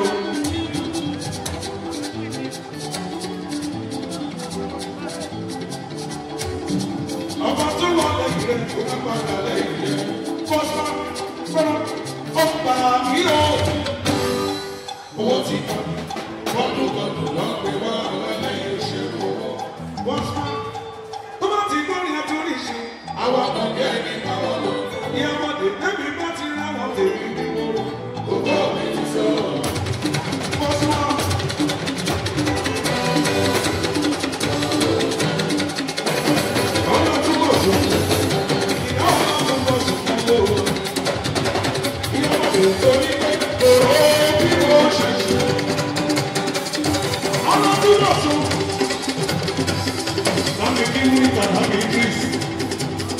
Thank you.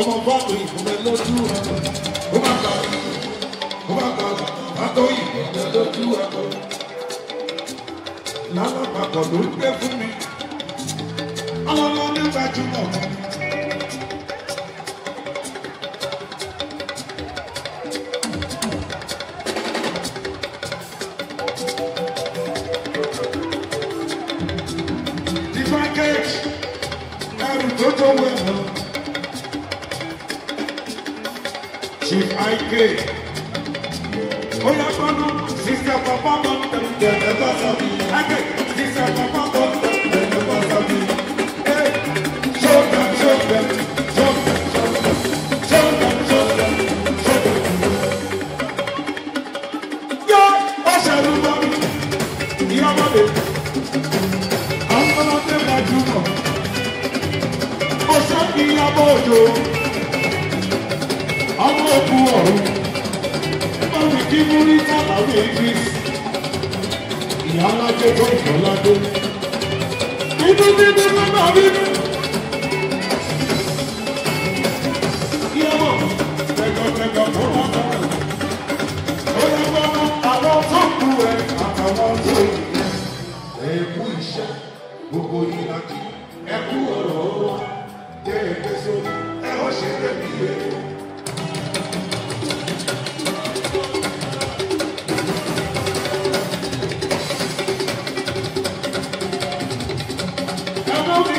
ọmọ bọ́ọ̀lù ìfúnbẹ lójú ó má gbà ó má gbà pátó ìfúnbẹ lójú ẹ̀kọ́ lálàpapọ̀ ló ń gbé fún mi àwọn ọmọ mi gbajúmọ̀ mi. The package, ẹrù tó tó wẹ̀ mọ́. my grave. Oh, yeah, come on, sister, papa, don't tell me they're never sorry. I get sister, papa, don't tell me they're never sorry. Hey, show them, show them, show them, show them, show them, show them, show them. Yeah, I shall do that. You are my baby. I'm gonna take my jewel. Oh, show me your bojo lókù ọ̀run báwo kí múrí tábàwí English ìyá aládé tó ìbọ̀ládé inú nínú bàbá mi. ìyàwó pẹ̀gàpẹ̀gà fún wọn náà ó yẹ kó àwọn tó kú ẹ àtàwọn tó yẹ ẹ kú ìṣẹ́ gbogbo yìí láti ẹ kú ọ̀rọ̀ ọ̀rọ̀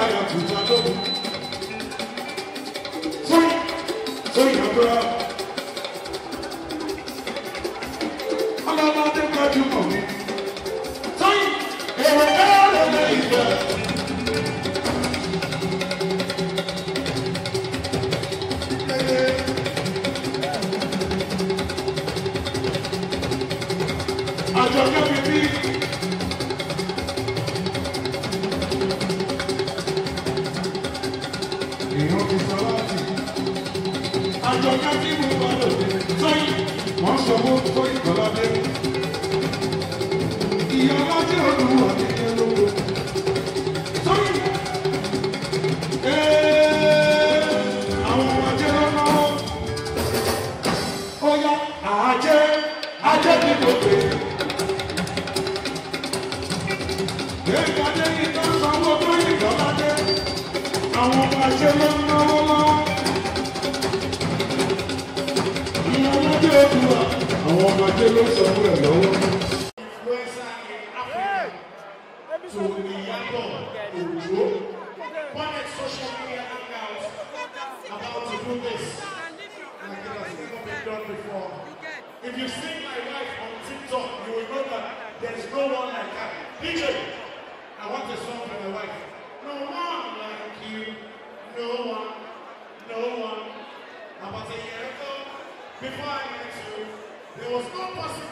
fire to the door. Free, free your girl. Ọlọ́mọdé kọjú mọ̀ mi. Sọ́yìn, èrò náà lè lè Thank you. àjọ ká tí mo bá lòdì sọ́yìn wọ́n sọ mọ́ fún ìkọ́ládé. ìyá láti ọdún wà ní ẹlòmọ́ sọ́yìn. àwọn ọmọ ajé ló náwó ó yá àjẹ ajé ní Elédùà àwọn ọmọdé ló sọ fún ẹ social media accounts about to do this like it has never been done before. If you see my wife on TikTok, you will know that there is no one like her. DJ, I want a song for my wife. No one like you, no one, no one. About a year ago, before I pessoas, não posso